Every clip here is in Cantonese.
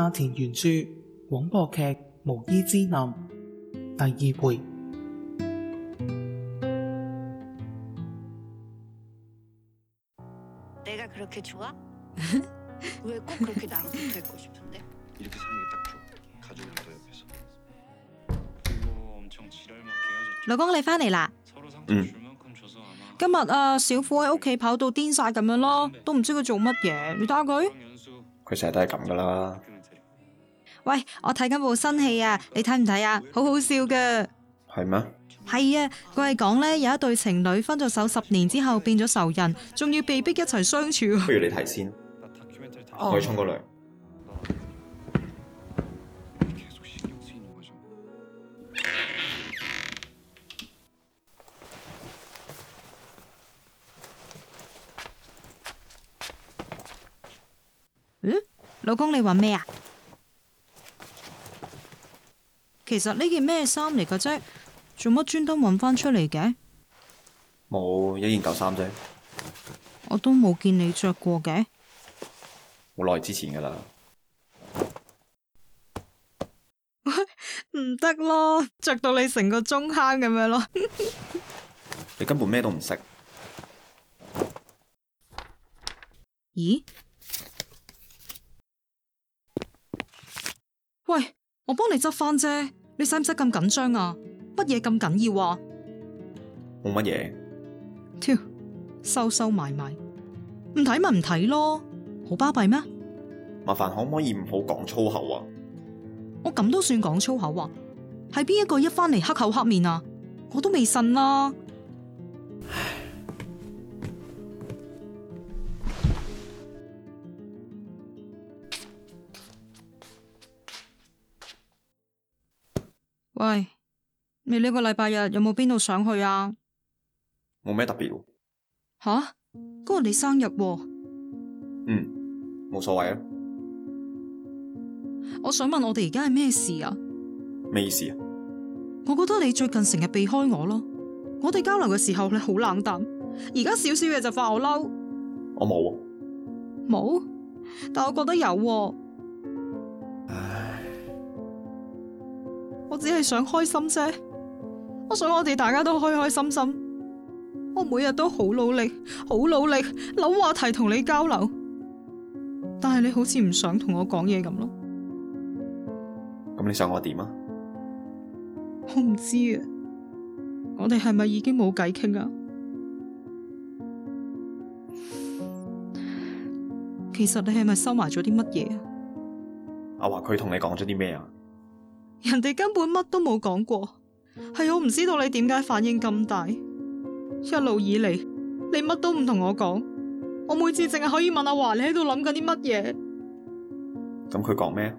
《家田原著》廣播劇《無依之男》第二回。老公， 你翻嚟啦！嗯，今日啊，小虎喺屋企跑到癲晒咁樣咯，都唔知佢做乜嘢，你打佢？佢成日都係咁噶啦。喂，我睇緊部新戲啊，你睇唔睇啊？好好笑㗎。係咩嗎？係啊，佢係講咧有一對情侶分咗手十年之後變咗仇人，仲要被逼一齊相處。不如你睇先，我可以沖個涼。哦、嗯，老公你搵咩啊？其實呢件咩衫嚟嘅啫？做乜專登搵翻出嚟嘅？冇一件舊衫啫。我都冇見你着過嘅。好耐之前噶啦。唔得咯，着到你成個中坑咁樣咯。 你根本咩都唔識。咦？喂，我幫你執翻啫。你使唔使咁緊張啊？乜嘢咁緊要啊？冇乜嘢，跳收收埋埋，唔睇咪唔睇咯，好巴閉咩？麻煩可唔可以唔好講粗口啊？我咁都算講粗口啊？係邊一個一返嚟黑口黑面啊？我都未信啦，啊。喂，你呢個禮拜日有冇邊度想去啊？冇咩特別啊。吓啊，今日你生日喎啊。嗯，冇所謂啊。我想問我哋而家係咩事啊？咩意思啊？我覺得你最近成日避開我咯，我哋交流嘅時候你好冷淡，而家少少嘢就發我嬲。我冇啊，冇，但我覺得有啊。只係想開心啫，我想我哋大家都開開心心。我每日都好努力，好努力諗話題同你交流，但係你好似唔想同我講嘢咁咯。咁你想我點啊？我唔知啊。我哋係咪已經冇偈傾啊？其實你係咪收埋咗啲乜嘢啊？阿華佢同你講咗啲咩啊？人哋根本乜都冇講過，係我唔知道你點解反應咁大。一路以嚟，你乜都唔同我講，我每次淨係可以問阿華，你喺度諗緊啲乜嘢？咁佢講咩？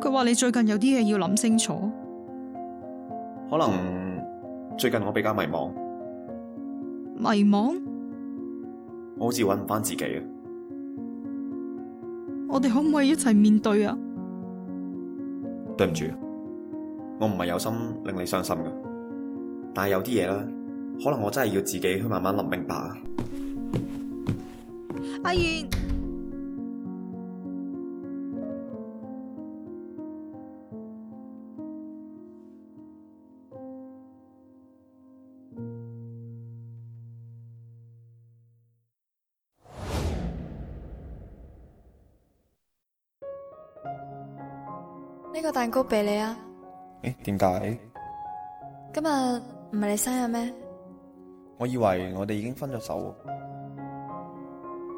佢話你最近有啲嘢要諗清楚。可能最近我比較迷惘。迷惘？我好似搵唔翻自己啊！我哋可唔可以一齊面對啊？對唔住，我唔係有心令你傷心嘅，但係有啲嘢咧，可能我真係要自己去慢慢諗明白。阿燕。呢個蛋糕俾你啊！誒，點解？今日唔係你生日咩？我以為我哋已經分咗手。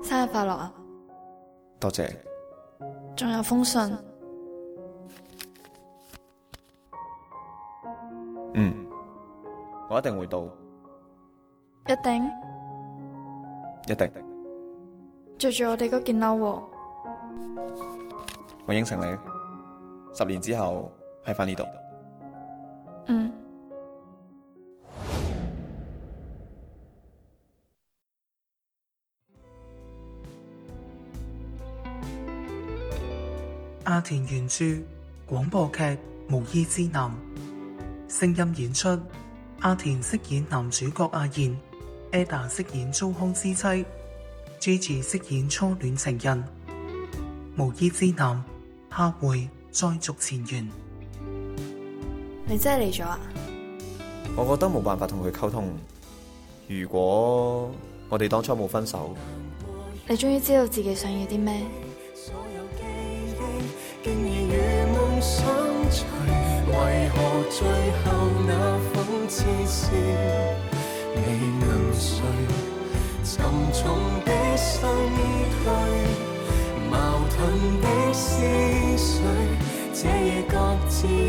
生日快樂啊！多謝。仲有封信。嗯，我一定會到。一定。一定的。着住我哋嗰件褸。我應承你。十年之後喺翻呢度。阿、嗯啊、田原著廣播劇《無依之男》，聲音演出阿、啊、田飾演男主角阿燕 Ella 飾演糟糠之妻，Gigi 飾演初戀情人。《無依之男》客會。再續前緣，你真係嚟咗啊！我覺得冇辦法同佢溝通。如果我哋當初冇分手，你終於知道自己想要啲咩？